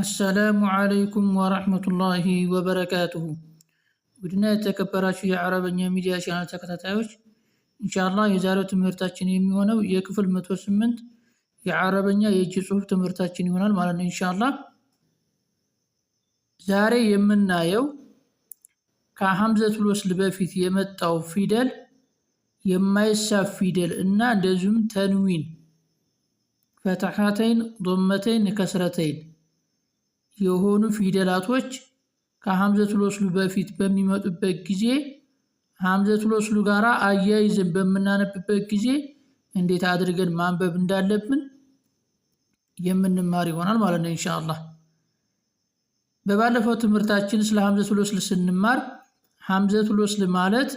አሰላሙ አለይኩም ወረህመቱላሂ ወበረካቱሁ። ውድና የተከበራችሁ የአረበኛ ሚዲያ ቻናል ተከታታዮች እንሻላ የዛሬው ትምህርታችን የሚሆነው የክፍል መቶ ስምንት የአረበኛ የእጅ ጽሑፍ ትምህርታችን ይሆናል ማለት ነው እንሻላ ዛሬ የምናየው ከሐምዘቱል ወስል በፊት የመጣው ፊደል የማይሳብ ፊደል እና እንደዚሁም ተንዊን ፈትሐተይን፣ ዶመተይን፣ ከስረተይን የሆኑ ፊደላቶች ከሐምዘቱል ወስሉ በፊት በሚመጡበት ጊዜ ሐምዘቱል ወስሉ ጋር አያይዘን በምናነብበት ጊዜ እንዴት አድርገን ማንበብ እንዳለብን የምንማር ይሆናል ማለት ነው እንሻላ በባለፈው ትምህርታችን ስለ ሐምዘቱል ወስል ስንማር ሐምዘቱል ወስል ማለት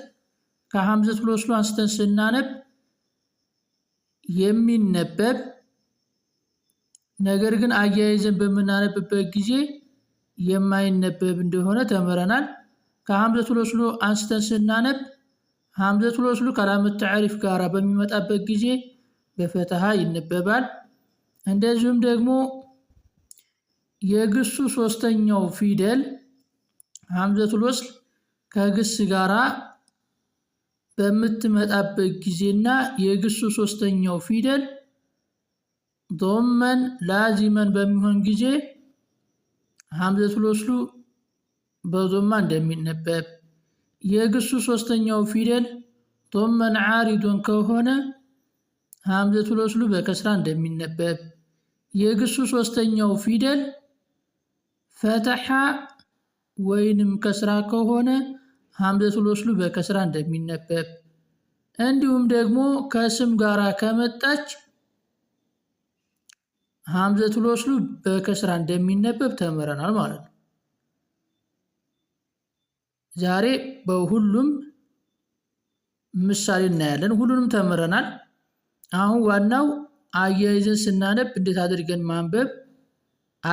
ከሐምዘቱል ወስሉ አንስተን ስናነብ የሚነበብ ነገር ግን አያይዘን በምናነብበት ጊዜ የማይነበብ እንደሆነ ተምረናል። ከሐምዘቱል ወስሉ አንስተን ስናነብ ሐምዘቱል ወስሉ ከላም ተዕሪፍ ጋር በሚመጣበት ጊዜ በፈተሃ ይነበባል። እንደዚሁም ደግሞ የግሱ ሶስተኛው ፊደል ሐምዘቱል ወስል ከግስ ጋራ በምትመጣበት ጊዜና የግሱ ሶስተኛው ፊደል ዶመን ላዚመን በሚሆን ጊዜ ሀምዘቱል ወስሉ በዶማ እንደሚነበብ የግሱ ሶስተኛው ፊደል ዶመን ዓሪዶን ከሆነ ሀምዘቱል ወስሉ በከስራ እንደሚነበብ የግሱ ሶስተኛው ፊደል ፈተሓ ወይንም ከስራ ከሆነ ሀምዘቱል ወስሉ በከስራ እንደሚነበብ እንዲሁም ደግሞ ከስም ጋራ ከመጣች ሀምዘቱል ወስሉ በከስራ እንደሚነበብ ተምረናል ማለት ነው። ዛሬ በሁሉም ምሳሌ እናያለን። ሁሉንም ተምረናል። አሁን ዋናው አያይዘን ስናነብ እንዴት አድርገን ማንበብ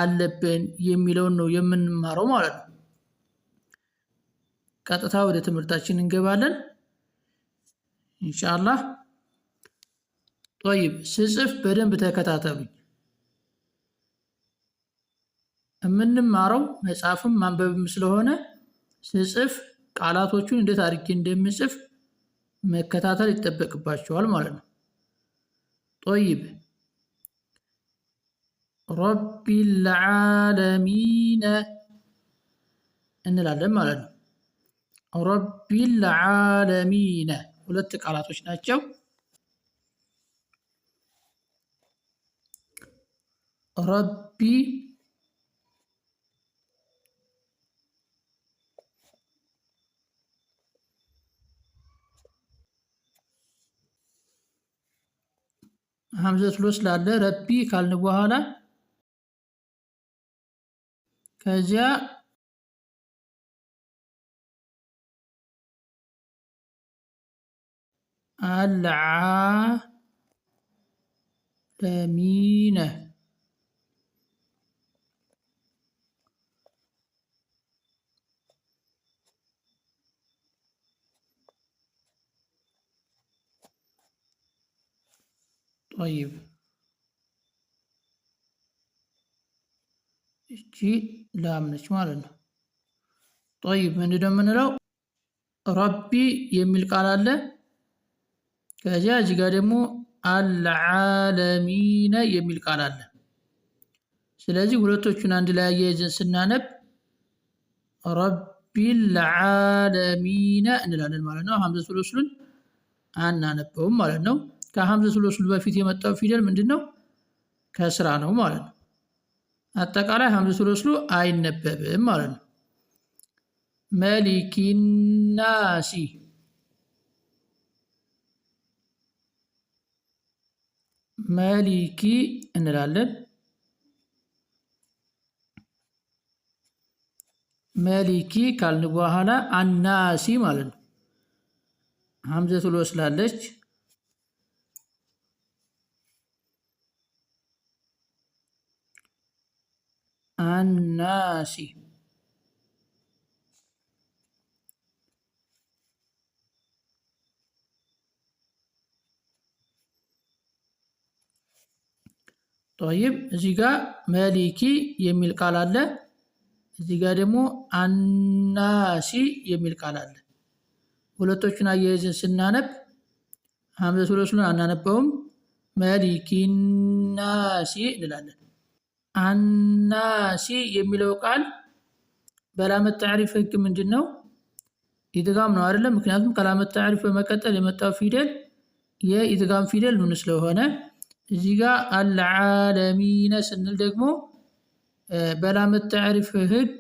አለብን የሚለውን ነው የምንማረው ማለት ነው። ቀጥታ ወደ ትምህርታችን እንገባለን ኢንሻአላህ። ጦይብ ስጽፍ በደንብ ተከታተሉኝ። የምንማረው መጽሐፍም ማንበብም ስለሆነ ስጽፍ ቃላቶቹን እንዴት አድርጌ እንደምጽፍ መከታተል ይጠበቅባቸዋል ማለት ነው። ጦይብ ረቢል እንላለን ማለት ነው። ረቢል ሁለት ቃላቶች ናቸው። ረቢ ሀምዘት ሎ ስላለ ረቢ ካልን በኋላ ከዚያ አልዓለሚነ ጠይብ እቺ ላምነች ማለት ነው። ጠይብ ምንድነው የምንለው? ረቢ የሚል ቃል አለ። ከዚያ እዚህ ጋር ደግሞ አልዓለሚነ የሚል ቃል አለ። ስለዚህ ሁለቶቹን አንድ ላይ አያይዘን ስናነብ ረቢልዓለሚነ እንላለን ማለት ነው። ሀምዘቱል ወስሉን አናነበውም ማለት ነው። ከሐምዘቱል ወስል በፊት የመጣው ፊደል ምንድን ነው? ከስራ ነው ማለት ነው። አጠቃላይ ሐምዘቱል ወስሉ አይነበብም ማለት ነው። መሊኪናሲ መሊኪ እንላለን። መሊኪ ካልን በኋላ አናሲ ማለት ነው። ሐምዘቱል ወስላለች አናሲ ጦይብ እዚህ ጋር መሊኪ የሚል ቃል አለ። እዚህ ጋ ደግሞ አናሲ የሚል ቃል አለ። ሁለቶቹን አያይዘን ስናነብ ሀምዘቱል ወስሉን አናነበውም፣ መሊኪናሲ እንላለን። አናሲ የሚለው ቃል በላመት ተዕሪፍ ህግ ምንድን ነው? ኢድጋም ነው አይደለም። ምክንያቱም ከላመት ተዕሪፍ በመቀጠል የመጣው ፊደል የኢድጋም ፊደል ኑን ስለሆነ እዚህ ጋ አልዓለሚነ ስንል ደግሞ በላመት ተዕሪፍ ህግ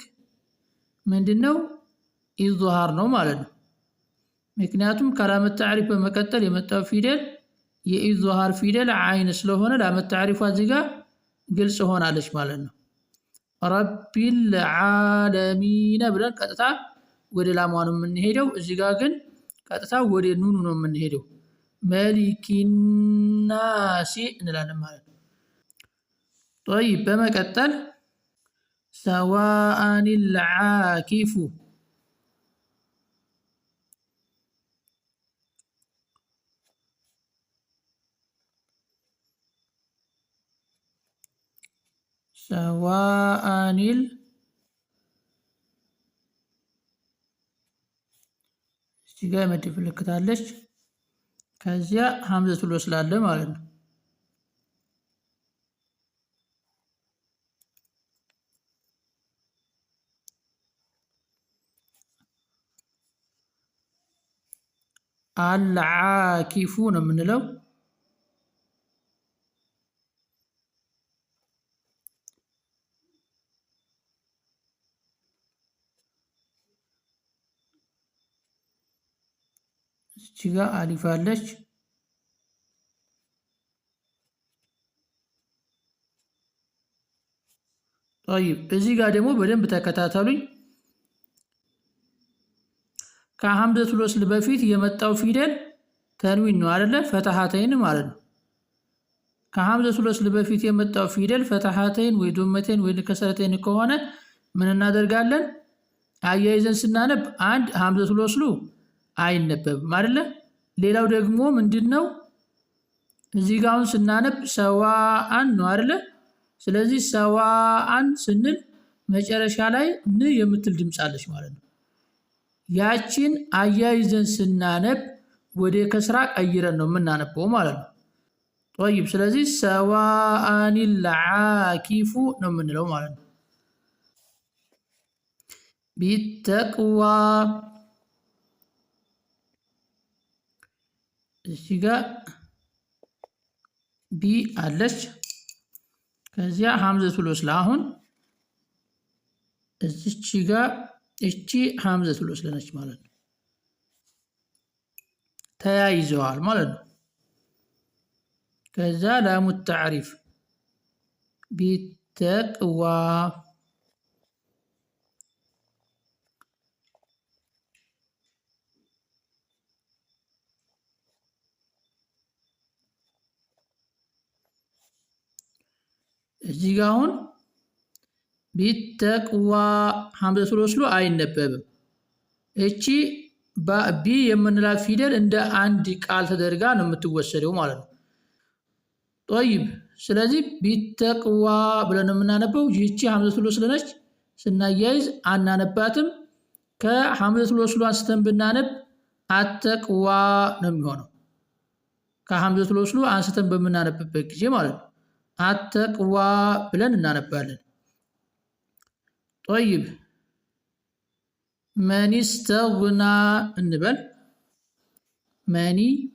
ምንድን ነው? ኢዝሃር ነው ማለት ነው። ምክንያቱም ከላመት ተዕሪፍ በመቀጠል የመጣው ፊደል የኢዝሃር ፊደል አይነ ስለሆነ ላመት ተዕሪፏ እዚህ ጋር ግልጽ ሆናለች ማለት ነው። ረቢል ዓለሚነ ብለን ቀጥታ ወደ ላሟ ነው የምንሄደው። እዚህ ጋር ግን ቀጥታ ወደ ኑኑ ነው የምንሄደው። መሊኪናሲ እንላለን ማለት ነው። ጦይ በመቀጠል ሰዋአን ልዓኪፉ ሰዋአኒል እዚህ ጋር የመድፍ ምልክት አለች። ከዚያ ሀምዘ ወስል ስላለ ማለት ነው። አልዓኪፉ ነው የምንለው። እቺ ጋር አሊፍ አለች። ጠይብ እዚህ ጋር ደግሞ በደንብ ተከታተሉኝ። ከሐምዘቱል ወስል በፊት የመጣው ፊደል ተንዊን ነው አይደለ? ፈተሃተይን ማለት ነው። ከሐምዘቱል ወስል በፊት የመጣው ፊደል ፈተሃተይን ወይ ዶመቴን ወይ ከሰረተይን ከሆነ ምን እናደርጋለን? አያይዘን ስናነብ አንድ ወስሉ አይነበብም አይደለ? ሌላው ደግሞ ምንድን ነው እዚህ ጋ አሁን ስናነብ ሰዋአን ነው አይደለ? ስለዚህ ሰዋአን ስንል መጨረሻ ላይ ን የምትል ድምፅ አለች ማለት ነው። ያቺን አያይዘን ስናነብ ወደ ከስራ ቀይረን ነው የምናነበው ማለት ነው። ጠይብ ስለዚህ ሰዋአን ልዓኪፉ ነው የምንለው ማለት ነው። ቢተቅዋ እዚጋ ቢ አለች። ከዚያ ሀምዘቱል ወስል አሁን እዚች ጋ እቺ ሀምዘቱል ወስል ነች ማለት ነው። ተያይዘዋል ማለት ነው። ከዛ ላሙ ተዕሪፍ ቢተቅዋ እዚህ ጋ አሁን ቢተቅዋ ሐምዘ ሱሎስሉ አይነበብም። እቺ ቢ የምንላት ፊደል እንደ አንድ ቃል ተደርጋ ነው የምትወሰደው ማለት ነው። ጦይብ ስለዚህ ቢተቅዋ ብለን የምናነበው ይቺ ሐምዘ ሱሎስሉ ነች። ስናያይዝ አናነባትም። ከሐምዘ ሱሎስሉ አንስተን ብናነብ አተቅዋ ነው የሚሆነው። ከሐምዘ ሱሎስሉ አንስተን በምናነብበት ጊዜ ማለት ነው። أتقوى بلن ننبالن طيب من استغنى النبل ماني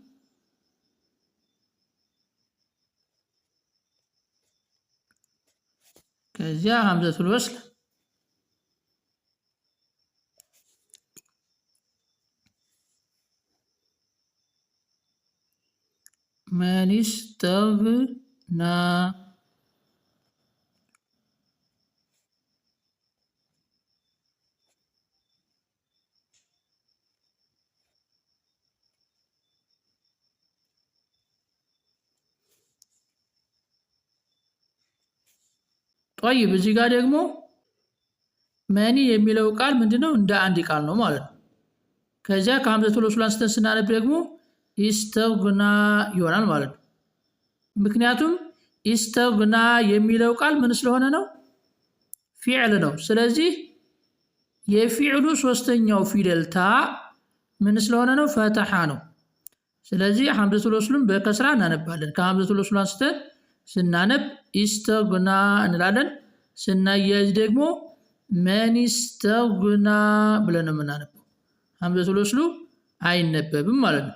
كذا همزة الوصل من استغنى na ጦይብ እዚህ ጋር ደግሞ መኒ የሚለው ቃል ምንድነው? እንደ አንድ ቃል ነው ማለት ነው። ከዚያ ከሀምዘቱል ወሱል አንስተን ስናነብ ደግሞ ኢስተግና ይሆናል ማለት ነው። ምክንያቱም ኢስተግና የሚለው ቃል ምን ስለሆነ ነው? ፊዕል ነው። ስለዚህ የፊዕሉ ሶስተኛው ፊደል ታ ምን ስለሆነ ነው? ፈተሓ ነው። ስለዚህ ሐምዘቱል ወስሉን በከስራ እናነባለን። ከሐምዘቱል ወስሉ አንስተን ስናነብ ኢስተግና እንላለን። ስናያይዝ ደግሞ መን ኢስተግና ብለን ነው የምናነበው። ሐምዘቱል ወስሉ አይነበብም ማለት ነው።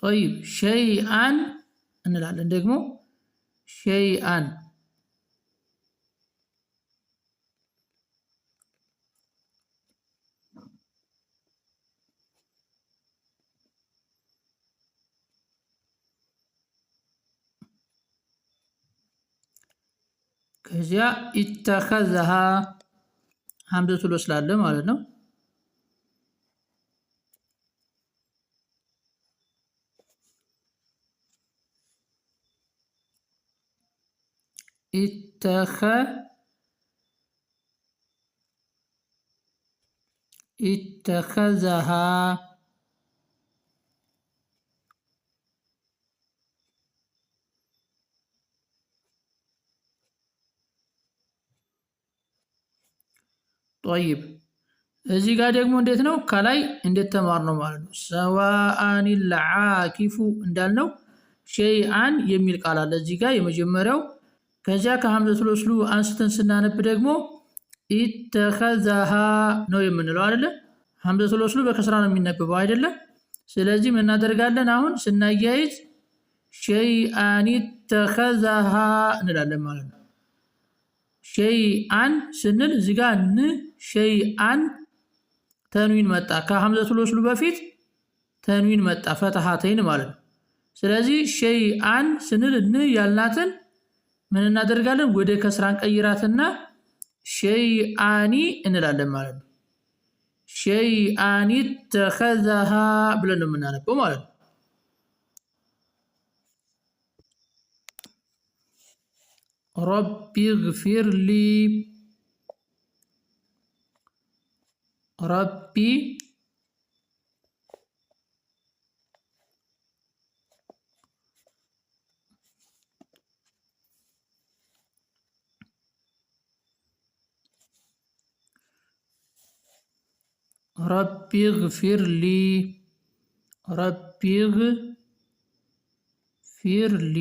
ጠይብ ሸይአን እንላለን። ደግሞ ሸይአን ከዚያ ኢተኸዘሃ ሀምዘቱሎ ስላለ ማለት ነው። ኢተኸ ኢተኸዘሃ ጦይብ እዚህ ጋር ደግሞ እንዴት ነው? ከላይ እንዴት ተማር ነው ማለት ነው። ሰዋአን ለዓኪፉ እንዳልነው ሸይአን የሚል ቃል አለ እዚህ ጋር የመጀመሪያው ከዚያ ከሐምዘቱል ወስሉ አንስተን ስናነብ ደግሞ ኢተኸዘሃ ነው የምንለው አይደለ? ሐምዘቱል ወስሉ በከስራ ነው የሚነበበው አይደለ? ስለዚህ ምን እናደርጋለን? አሁን ስናያይዝ ሸይአን ኢተኸዘሃ እንላለን ማለት ነው። ሸይአን ስንል እዚህ ን ሸይአን ተንዊን መጣ። ከሐምዘቱል ወስሉ በፊት ተንዊን መጣ፣ ፈትሐተይን ማለት ነው። ስለዚህ ሸይአን ስንል ን ያልናትን ምን እናደርጋለን? ወደ ከስራ እንቀይራትና ሸይአኒ እንላለን ማለት ነው። ሸይአኒ ተኸዛሃ ብለን ነው የምናነበው ማለት ነው። ረቢ ግፊር ሊ ረቢ ረቢግ ፊርሊ ረቢግ ፊርሊ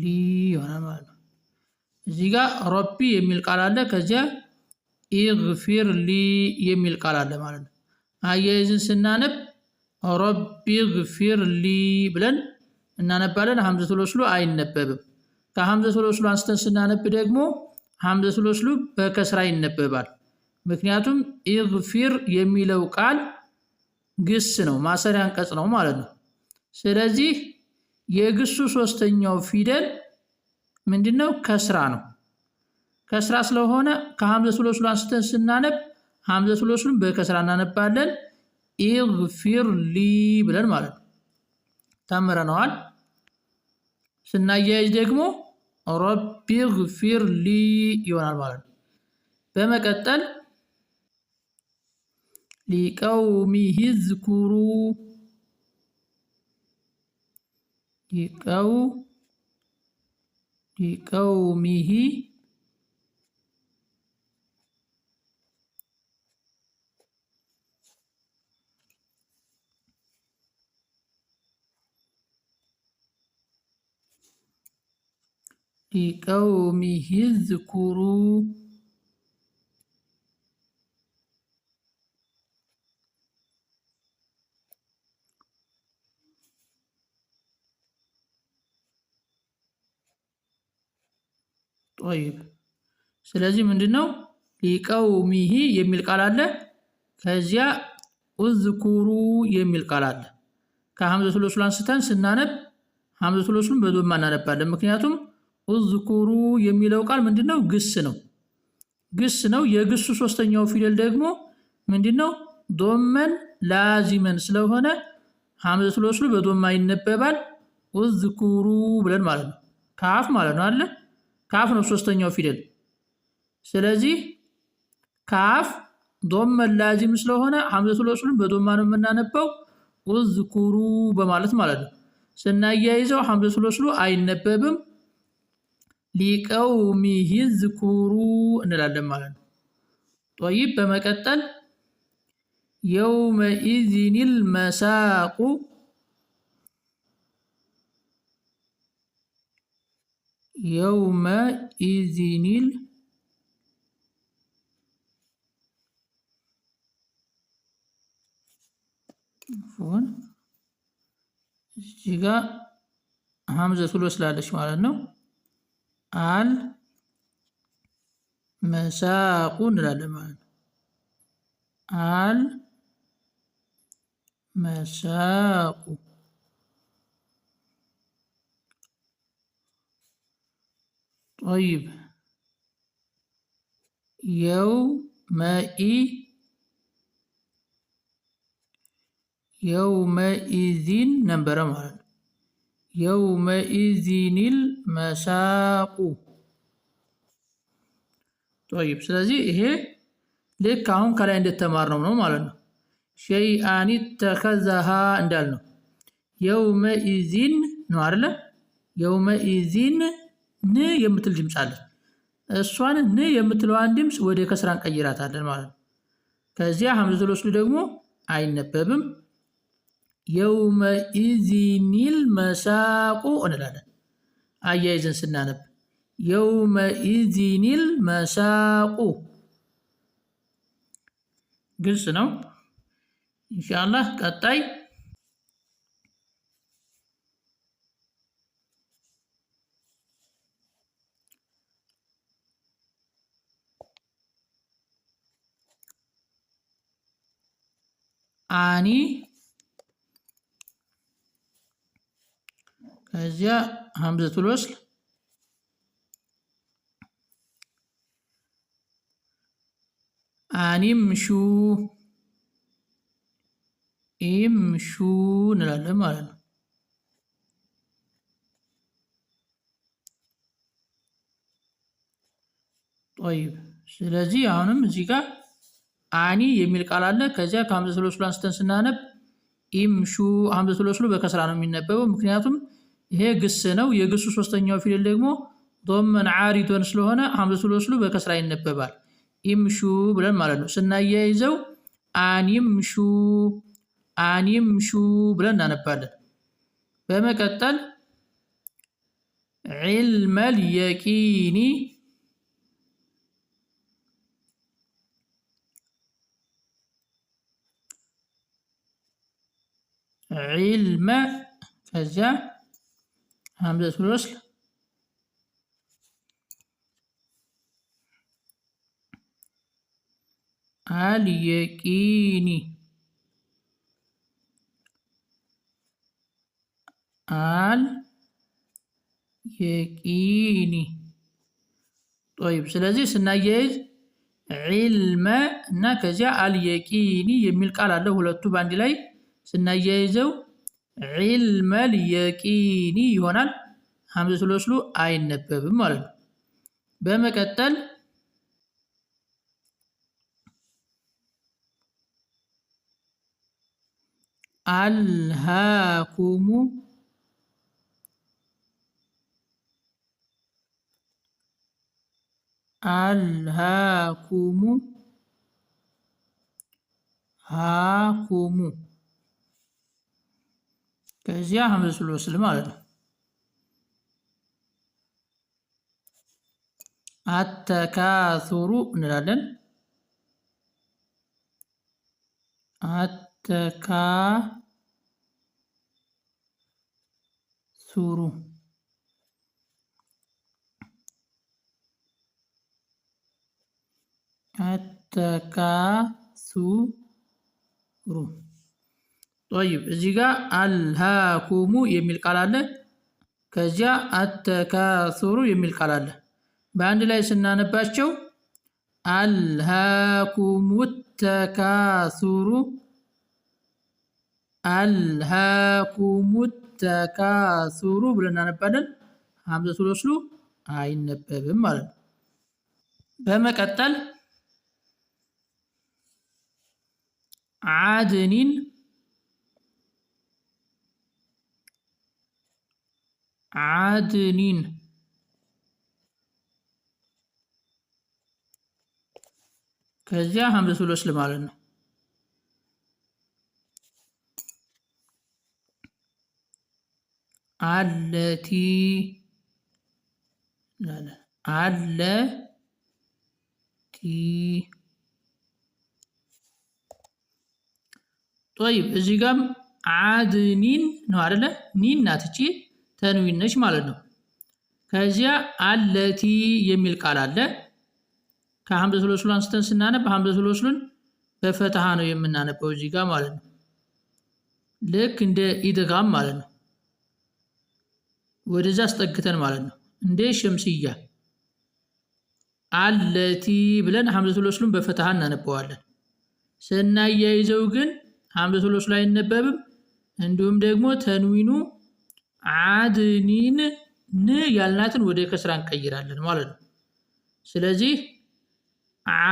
ሊ የሆነ ማለት ነው። እዚህ ጋር ረቢ የሚል ቃል አለ። ከዚያ ኢግፊር ሊ የሚል ቃል አለ ማለት ነው። አያይዝን ስናነብ ረቢ ግፊር ሊ ብለን እናነባለን። ሐምዘቱል ወስሉ አይነበብም። ከሐምዘቱል ወስሉ አንስተን ስናነብ ደግሞ ሐምዘቱል ወስሉ በከስራ ይነበባል። ምክንያቱም ኢግፊር የሚለው ቃል ግስ ነው፣ ማሰሪያ አንቀጽ ነው ማለት ነው። ስለዚህ የግሱ ሶስተኛው ፊደል ምንድነው? ከስራ ነው። ከስራ ስለሆነ ከሐምዘቱል ወስሉ አንስተን ስናነብ ሐምዘቱል ወስሉን በከስራ እናነባለን። ኢግፊር ሊ ብለን ማለት ነው። ተምረነዋል። ስናያይዝ ደግሞ ረቢ ግፊር ሊ ይሆናል ማለት ነው። በመቀጠል ሊቀውሚ ዝኩሩ ሊቀው ሊቀውሚህ قومه اذكروا ጦይብ ስለዚህ ምንድን ነው ሊቀውሚሂ የሚል ቃል አለ። ከዚያ እዝኩሩ የሚል ቃል አለ። ከሐምዘቱል ወስል አንስተን ስናነብ ሐምዘቱል ወስሉን በዶማ እናነባለን። ምክንያቱም ኡዝኩሩ የሚለው ቃል ምንድነው? ግስ ነው። ግስ ነው። የግሱ ሶስተኛው ፊደል ደግሞ ምንድነው? ዶመን ላዚመን ስለሆነ ሐምዘቱል ወስሉ በዶማ ይነበባል። ዝኩሩ ብለን ማለት ነው። ካፍ ማለት ነው አለ ካፍ ነው ሶስተኛው ፊደል። ስለዚህ ካፍ ዶመን ላዚም ስለሆነ ሐምዘቱል ወስሉን በዶማ ነው የምናነበው ዝኩሩ በማለት ማለት ነው። ስናያይዘው ሐምዘቱል ወስሉ አይነበብም። ሊቀውሚህ ዝኩሩ እንላለን ማለት ነው። ጦይብ በመቀጠል የውመኢዝኒል መሳቁ የውመኢዚኒል ፎን እዚህ ጋር ሀምዘቱል ወስላለች ማለት ነው። አልመሳቁ እንላለን ማለት ነው። አልመሳቁ طيب يومئ يومئذ نمبر ማለት የውመኢዚኒል መሳቁ ጦይብ። ስለዚህ ይሄ ልክ አሁን ከላይ እንደተማርነው ነው ማለት ነው። ሸይአን ተከዛሃ እንዳልነው የውመኢዚን ነው አይደለ? የውመኢዚን ን የምትል ድምፅ አለን። እሷን ን የምትለዋን ድምፅ ወደ ከስራ እንቀይራታለን ማለት ነው። ከዚያ ሀምዘቱል ወስል ደግሞ አይነበብም። የውመኢዚኒል መሳቁ እንላለን። አያይዘን ስናነብ የውመኢዚኒል መሳቁ ግልጽ ነው። ኢንሻአላህ ቀጣይ አኒ እዚያ ሀምዘቱል ወስል አኒም ሹ እንላለን ማለት ነው። ጦይብ ስለዚህ አሁንም እዚህ ጋር አኒ የሚል ቃል አለ። ከዚያ ከሀምዘቱል ወስሉ አንስተን ስናነብ ኢም ሀምዘቱል ወስሉ በከስራ ነው የሚነበበው ምክንያቱም ይሄ ግስ ነው። የግሱ ሶስተኛው ፊደል ደግሞ ዶመን ዓሪዶን ስለሆነ ሐምዘቱል ወስሉ በከስራ ይነበባል። ኢምሹ ብለን ማለት ነው። ስናያይዘው አኒምሹ አኒምሹ ብለን እናነባለን። በመቀጠል ዒልመል የቂኒ ዒልመ ከዚያ همزة الوصل اليقين اليقين ጦይብ ስለዚህ ስናያይዝ ዒልመ እና ከዚያ አልየቂኒ የሚል ቃል አለው። ሁለቱ በአንድ ላይ ስናያይዘው ዒልመል የቂኒ ይሆናል። ሐምዘቱል ወስሉ አይነበብም ማለት ነው። በመቀጠል አልሃኩሙ አልሃኩሙ ሃኩሙ ከዚያ ሐመዝ ስል ማለት ነው። አተካሱሩ እንላለን። አተካሱሩ አተካሱሩ ጠይብ እዚህ ጋር አልሃኩሙ የሚል ቃል አለ። ከዚያ አተካሱሩ የሚል ቃል አለ። በአንድ ላይ ስናነባቸው አልሃኩሙ ተካሱሩ አልሃኩሙ ተካሱሩ ብለን እናነባለን። ሀምዘቱል ወስሉ አይነበብም ማለት ነው። በመቀጠል አድኒን አድኒን ከዚያ ሀምዘቱል ወስል ማለት ነው። አለቲ አለቲ ጦይብ እዚህ ጋም አድኒን ነው አይደለ? ኒን ናትቺ ተንዊን ነች ማለት ነው። ከዚያ አለቲ የሚል ቃል አለ። ከሐምዘ ሱሉሱል አንስተን ስናነብ ሐምዘ ሱሉሱልን በፈትሃ ነው የምናነበው እዚህ ጋር ማለት ነው። ልክ እንደ ኢድጋም ማለት ነው። ወደዛ አስጠግተን ማለት ነው። እንደ ሸምስያ አለቲ ብለን ሐምዘቱል ወስሉን በፈትሃ እናነበዋለን። ስናያይዘው ግን ሐምዘቱል ወስሉ አይነበብም። እንዲሁም ደግሞ ተንዊኑ አድኒን ን ያልናትን ወደ ከስራ እንቀይራለን ማለት ነው። ስለዚህ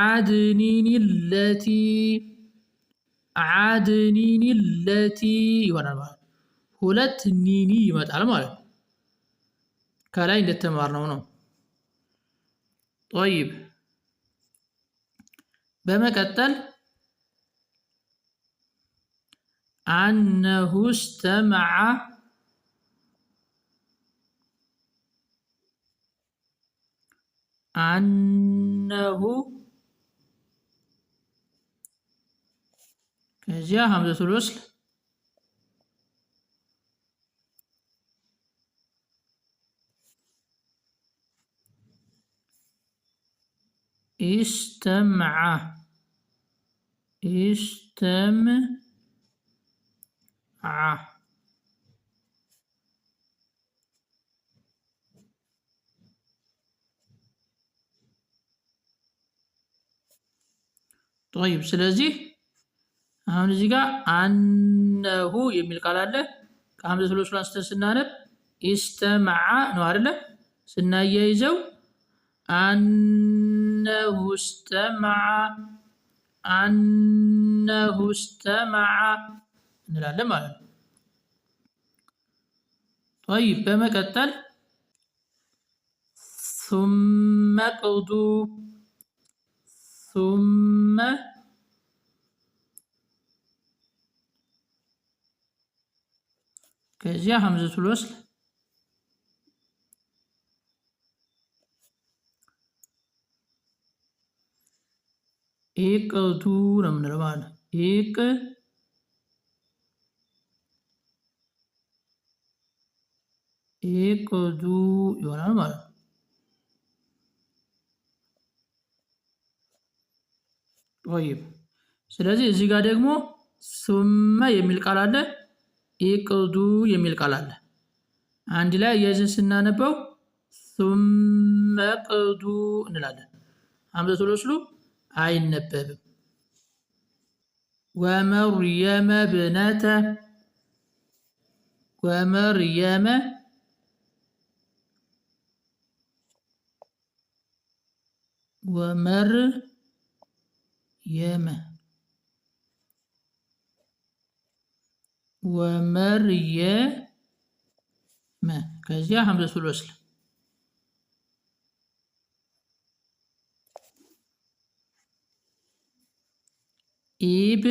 አድኒን ለቲ አድኒን ለቲ ይሆናል ማለት ነው። ሁለት ኒኒ ይመጣል ማለት ነው። ከላይ እንደተማርነው ነው። ጦይብ በመቀጠል አነሁ ስተመዓ عنه كذا همزة الوصل استمع استمع ጠይብ ስለዚህ አሁን እዚህ ጋር አነሁ የሚል ቃል አለ። ከሐምዘ ሱሉሱል አንስተን ስናነብ ኢስተመዓ ነው አይደለ? ስናያይዘው አነሁ ስተመዓ አነሁ ስተመዓ እንላለን ማለት ነው። ጠይብ በመቀጠል ሱመ ቅዱ ثم كازيا همزة الوصل إيك دور من روان إيك إيك دور يوانا روان ጦይብ። ስለዚህ እዚህ ጋር ደግሞ ሱመ የሚል ቃል አለ፣ ኢቅዱ የሚል ቃል አለ። አንድ ላይ የዝን ስናነበው ሱመ ቅዱ እንላለን። ሀምዘቱል ወስሉ አይነበብም። ወመርየመ ብነተ ወመርየመ ወመር ياما ومريا ما كزيا حمد رسول إيب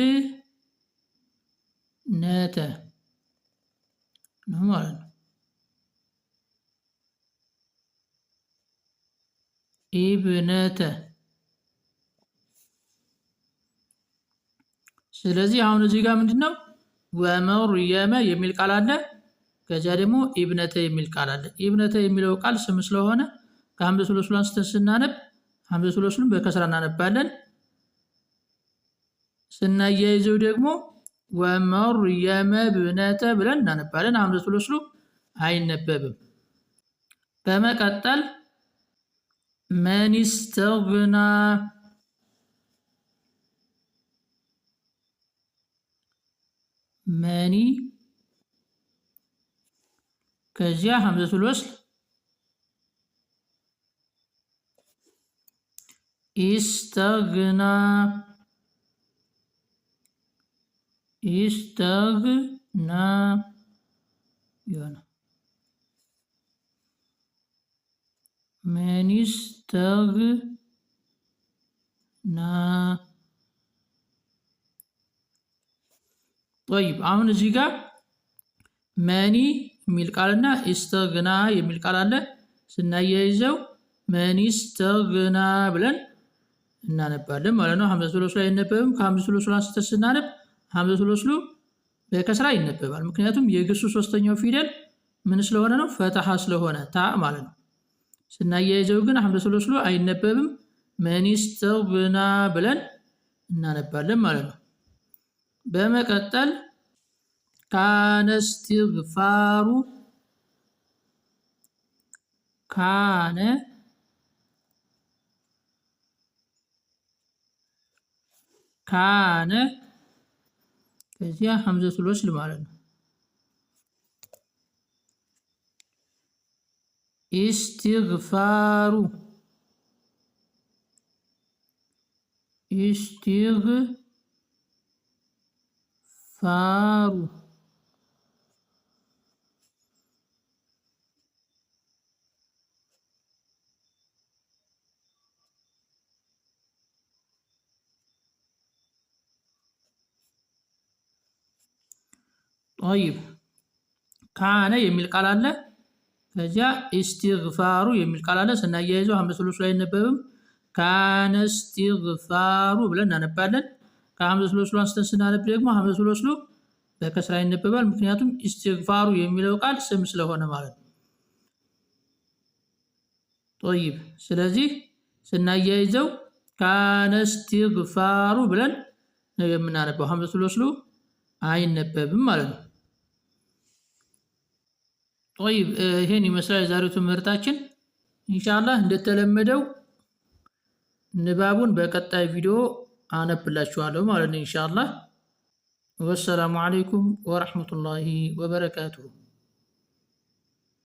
ناتا نمر إب ناتا ስለዚህ አሁን እዚህ ጋር ምንድነው ወመርየመ የሚል ቃል አለ። ከዚያ ደግሞ ኢብነተ የሚል ቃል አለ። ኢብነተ የሚለው ቃል ስም ስለሆነ ከሐምዘቱል ወስል አንስተን ስናነብ ሐምዘቱል ወስሉን በከስራ እናነባለን። ስናያይዘው ደግሞ ወመርየመ ብነተ ብለን እናነባለን። ሐምዘቱል ወስሉ አይነበብም። በመቀጠል መን ስተግና ماني كازيا همزة الوصل استغنى استغنى يونا من استغنى ጠይብ አሁን እዚህ ጋር መኒ የሚል ቃልና ኢስተግና የሚል ቃል አለ። ስናያይዘው መኒ ስተግና ብለን እናነባለን ማለት ነው። ሀምዘቱል ወስሉ አይነበብም። ከሀምዘቱል ወስሉ አንስተን ስናነብ ሀምዘቱል ወስሉ በከስራ ይነበባል። ምክንያቱም የግሱ ሶስተኛው ፊደል ምን ስለሆነ ነው? ፈትሐ ስለሆነ ታ ማለት ነው። ስናያይዘው ግን ሀምዘቱል ወስሉ አይነበብም። መኒ ስተግና ብለን እናነባለን ማለት ነው። بمكتل كان استغفار كان كان كزيا حمزة سلوش المعلن استغفار استغفار فارو طيب كان የሚል ቃል አለ። ከዚያ ኢስቲግፋሩ የሚል ቃል አለ። ስናያይዘው ሀምስ ሉስ ላይ አይነበብም። ካነ ኢስቲግፋሩ ብለን እናነባለን። ከሐምዘት ወስሉ አንስተን ስናነብ ደግሞ ሐምዘት ወስሉ በከስራ ይነበባል። ምክንያቱም ኢስትግፋሩ የሚለው ቃል ስም ስለሆነ ማለት ነው። ጦይብ ስለዚህ ስናያይዘው ካነ ኢስቲግፋሩ ብለን ነው የምናነበው። ሐምዘት ወስሉ አይነበብም ማለት ነው። ጦይብ ይሄን ይመስላል የዛሬው ትምህርታችን። ኢንሻአላህ እንደተለመደው ንባቡን በቀጣይ ቪዲዮ አነብላችኋለሁ ማለት ነው ኢንሻአላህ። ወሰላሙ አለይኩም ወረህመቱላሂ ወበረካቱሁ።